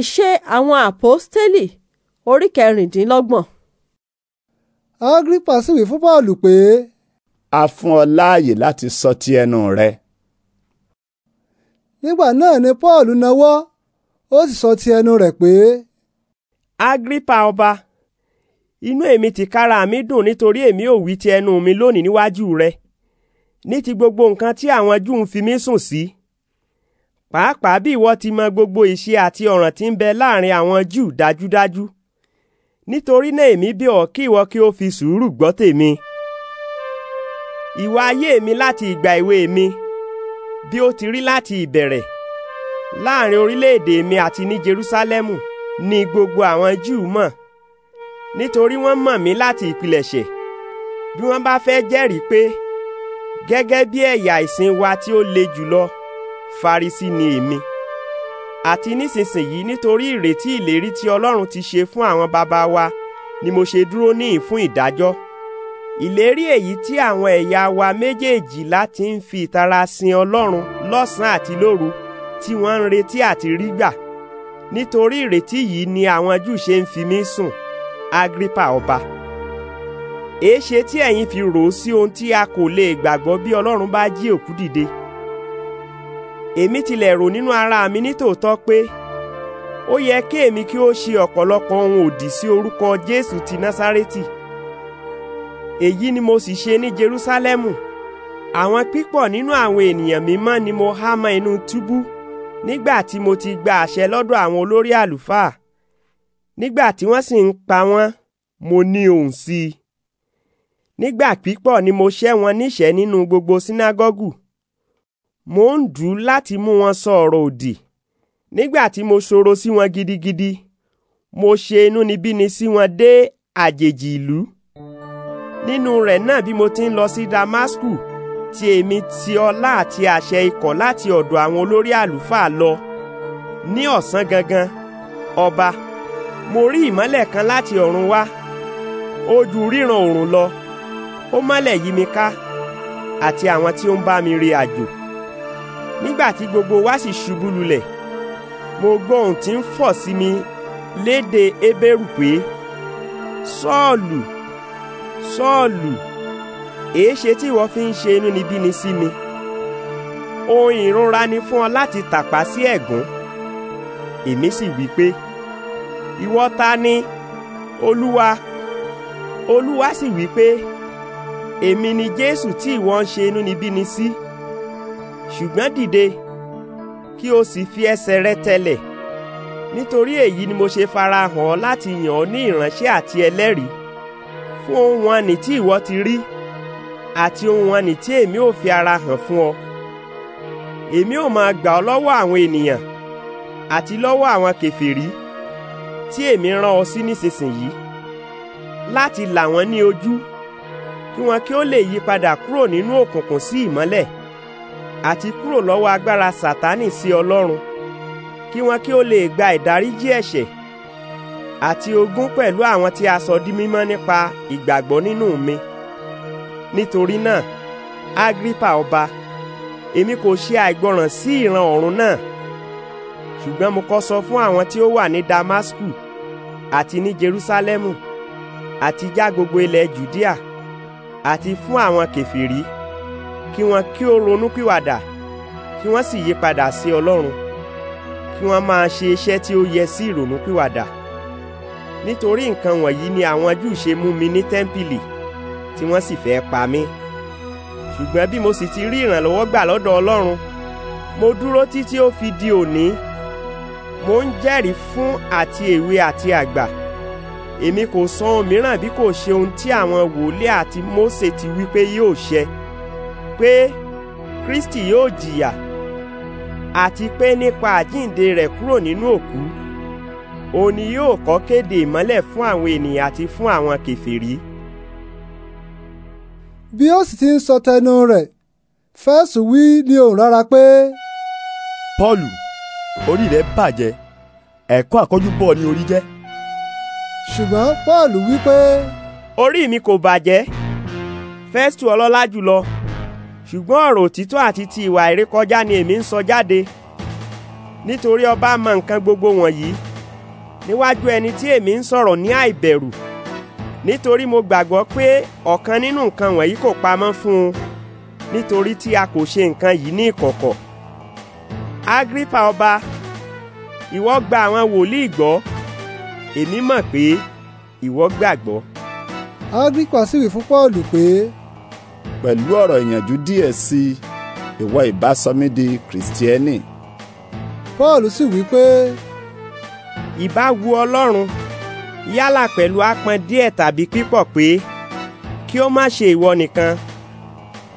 Iṣẹ́ àwọn Àpọ́stélì orí kẹrìndínlọ́gbọ̀n. Agripa sì wí fún Pọ́ọ̀lù pé. A fún ọ láàyè láti sọ ti ẹnu rẹ. Nígbà náà ni Pọ́ọ̀lù nawọ́, ó sì sọ ti ẹnu rẹ̀ pé. Agripa ọba, inú èmi tìkára mi dùn nítorí èmi ò wí ti ẹnu mi lónìí níwájú rẹ, ní ti gbogbo nǹkan tí àwọn Júù ń fi mí sùn sí. Si pàápàá bí ìwọ ti mọ gbogbo ìṣe àti ọ̀ràn tí ń bẹ láàrin àwọn Júù dájúdájú nítorí náà èmi bí ọ kí ìwọ kí o fi sùúrù gbọ́ tèmi ìwà ayé mi láti ìgbà èwe mi bí ó ti rí láti ìbẹ̀rẹ̀ láàrin orílẹ̀-èdè mi àti ní Jerúsálẹ́mù ni gbogbo àwọn Júù mọ̀ nítorí wọ́n mọ̀ mí láti ìpilẹ̀ṣẹ̀ bí wọ́n bá fẹ́ jẹ́rìí pé gẹ́gẹ́ bí ẹ̀yà ìsìn wa tí ó le jùlọ. Farisi ni èmi àti nísinsìnyí nítorí ìrètí ìlérí tí Ọlọ́run ti ṣe fún àwọn bàbá wa ni mo ṣe dúró níhìn fún ìdájọ́ ìlérí èyí tí àwọn ẹ̀yà wa méjèèjìlá ti ń fi ìtara sin Ọlọ́run lọ́sàn-án àti lóru tí wọ́n ń retí àti rí gbà nítorí ìrètí yìí ni àwọn Júù ṣe ń fi mí sùn Agripa ọba èéṣe tí ẹ̀yin fi rò ó sí ohun tí a kò lè gbàgbọ́ bí Ọlọ́run bá jí òkú dìde èmi tilẹ̀ rò nínú ara mi nítòótọ́ pé ó yẹ kí èmi kí ó ṣe ọ̀pọ̀lọpọ̀ ohun òdì sí orúkọ Jésù ti Násárẹ́tì èyí ni mo sì ṣe ní Jerúsálẹ́mù àwọn pípọ̀ nínú àwọn ènìyàn mímọ́ ni mo há mọ́ inú túbú nígbà tí mo ti gba àṣẹ lọ́dọ̀ àwọn olórí àlùfáà nígbà tí wọ́n sì ń pa wọ́n mo ní ohùn sí i nígbà pípọ̀ ni mo ṣẹ́ wọn níṣẹ́ nínú gbogbo sínágọ́gù mo ń dù ú láti mú wọn sọ òdì nígbà tí mo ṣòro sí wọn gidigidi mo ṣe inúnibíni sí wọn dé àjèjì ìlú nínú rẹ̀ náà bí mo ti ń lọ sí Damasku ti èmi ti ọlá àti àṣẹ ikọ̀ láti ọ̀dọ̀ àwọn olórí àlùfáà lọ ní ọ̀sán gangan ọba mo rí ìmọ́lẹ̀ kan láti ọ̀run wá ó ju ríran oòrùn lọ ó mọ́lẹ̀ yí mi ká àti àwọn tí ó ń bá mi rìn àjò nígbà tí gbogbo wa sì ṣubú lulẹ̀ mo gbọ́ ohùn tí ń fọ̀ sí mi lédè Hébérù pé Sọ́ọ̀lù Sọ́ọ̀lù èéṣe tí ìwọ fi ń ṣe inúnibíni sí mi ohun ìrora ni fún ọ láti tàpá sí ẹ̀gún èmi sì wí pé ìwọ ta ni Olúwa Olúwa sì wí pé èmi ni Jésù tí ìwọ ń ṣe inúnibíni sí. Si ṣùgbọ́n dìde kí o sì fi ẹsẹ̀ rẹ tẹlẹ̀ nítorí èyí ni mo ṣe farahàn ọ́ láti yàn ọ́ ní ìránṣẹ́ àti ẹlẹ́rìí fún ohun àní tí ìwọ ti rí àti ohun àní tí èmi ò fi ara hàn fún ọ èmi ò máa gbà ọ́ lọ́wọ́ àwọn ènìyàn àti lọ́wọ́ àwọn kèfèrí tí èmi rán ọ sí nísinsìnyí láti là wọ́n ní ojú kí wọn kí ó lè yí padà kúrò nínú òkùnkùn sí ìmọ́lẹ̀ àti kúrò lọ́wọ́ agbára Sátánì sí Ọlọ́run kí wọn kí ó lè gba ìdáríjì ẹ̀ṣẹ̀ àti ogún pẹ̀lú àwọn tí a sọ di mímọ́ nípa ìgbàgbọ́ nínú mi nítorí náà Agripa ọba èmi kò ṣe àìgbọràn sí ìran ọ̀run náà ṣùgbọ́n mo kọ́ sọ fún àwọn tí ó wà ní Damasku àti ní Jerúsálẹ́mù àti já gbogbo ilẹ̀ Jùdíà àti fún àwọn kèfèrí kí wọn kí ó ronúpìwàdà kí wọn sì yí padà sí Ọlọ́run kí wọn máa ṣe iṣẹ́ tí ó yẹ sí ìrònúpìwàdà nítorí nǹkan wọ̀nyí ni àwọn Júù ṣe mú mi ní tẹ́ḿpìlì tí wọ́n sì fẹ́ pa mí ṣùgbọ́n bí mo sì ti rí ìrànlọ́wọ́ gbà lọ́dọ̀ Ọlọ́run mo dúró títí ó fi di òní mo ń jẹ́rìí fún àti èwe àti àgbà èmi kò sọ ohun bí kò ṣe ohun tí àwọn wòlíì àti Mósè ti wí pé yóò ṣẹ pé Kristi yóò jìyà àti pé nípa àjíǹde rẹ̀ kúrò nínú òkú òun ni yóò kọ́ kéde ìmọ́lẹ̀ fún àwọn ènìyàn àti fún àwọn kèfèrí. bí ó sì ti ń sọ tẹnu rẹ̀ fẹ́ẹ̀sì wí ní òun rárá pé. Pọ́ọ̀lù orí rẹ̀ bàjẹ́ ẹ̀kọ́ àkọ́júbọ̀ ni orí jẹ́. ṣùgbọ́n Pọ́ọ̀lù wí pé. orí mi kò bàjẹ́ Fẹ́stù ọlọ́lá jùlọ ṣùgbọ́n ọ̀rọ̀ òtítọ́ àti ti ìwà ìrékọjá ni èmi ń sọ jáde nítorí ọba mọ nǹkan gbogbo wọ̀nyí níwájú ẹni tí èmi ń sọ̀rọ̀ ní àìbẹ̀rù nítorí mo gbàgbọ́ pé ọ̀kan nínú nǹkan wọ̀nyí kò pamọ́ fún un nítorí tí a kò ṣe nǹkan yìí ní ìkọ̀kọ̀ Agripa ọba ìwọ gba àwọn wòlíì gbọ́ èmi mọ̀ pé ìwọ gbàgbọ́. Agripa sì wí fún Pọ́ọ̀lù pé pẹ̀lú ọ̀rọ̀ ìyànjú díẹ̀ sí i ìwọ ìbá sọ mí di kìrìsìtíẹ́nì. paul sì wí pé. ìbá wu ọlọ́run yálà pẹ̀lú ápọn díẹ̀ tàbí pípọ̀ pé kí ó má ṣe ìwọ nìkan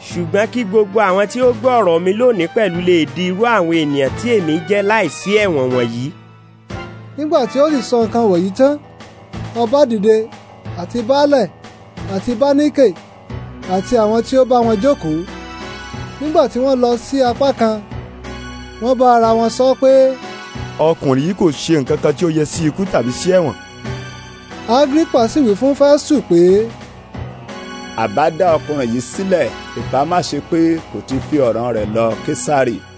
ṣùgbọ́n kí gbogbo àwọn tí ó gbọ́ ọ̀rọ̀ mi lónìí pẹ̀lú lè di irú àwọn ènìyàn tí èmi jẹ́ láìsí ẹ̀wọ̀n wọ̀nyí. nígbà tí ó sì sọ nǹkan wọ̀nyí tán ọba dìde àti baálẹ̀ àti báníkè àti àwọn tí ó bá wọn jókòó nígbà tí wọ́n lọ sí apá kan wọ́n bá ara wọn sọ pé. ọkùnrin yìí kò ṣe nǹkan kan tí ó yẹ sí ikú tàbí sí ẹ̀wọ̀n. Agrippa sì wí fún Fásitù pé. àbá dá ọkùnrin yìí sílẹ̀ ìbá má ṣe pé kò ti fi ọ̀ràn rẹ̀ lọ Késárì.